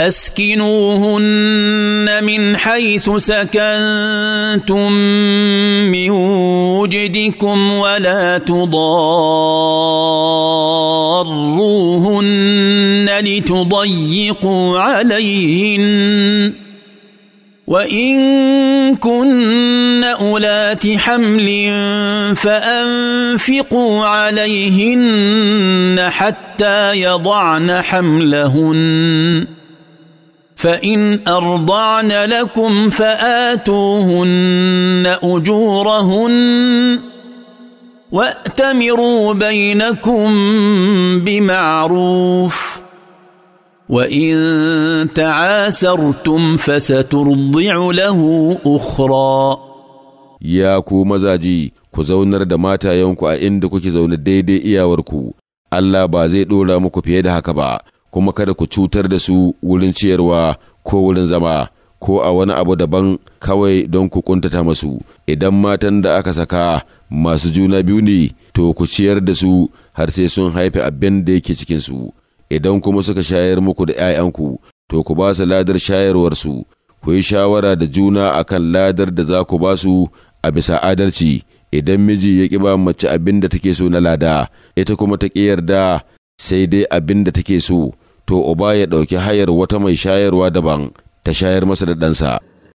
اسكنوهن من حيث سكنتم من وجدكم ولا تضاروهن لتضيقوا عليهن وان كن اولات حمل فانفقوا عليهن حتى يضعن حملهن فان ارضعن لكم فاتوهن اجورهن واتمروا بينكم بمعروف وان تعاسرتم فسترضع له اخرى يا كو مزاجي كزونر دماتا يونكو ايندكو كزون ديدي اياوركو الله بازيد اولا مكو بيدها كبا kuma kada ku cutar da su wurin ciyarwa ko wurin zama ko a wani abu daban kawai don ku kuntata masu idan matan da aka saka masu juna biyu ne to ku ciyar da su har sai sun haifi abin da yake cikinsu idan kuma suka shayar muku da 'ya'yanku to ku ba su ladar shayarwarsu ku yi shawara da juna akan ladar da za ku ba su a bisa adalci idan miji ya ƙiba mace abin da take so na lada ita kuma ta ƙi yarda sai dai abin da take so to uba ya ɗauki hayar wata mai shayarwa daban ta shayar masa da ɗansa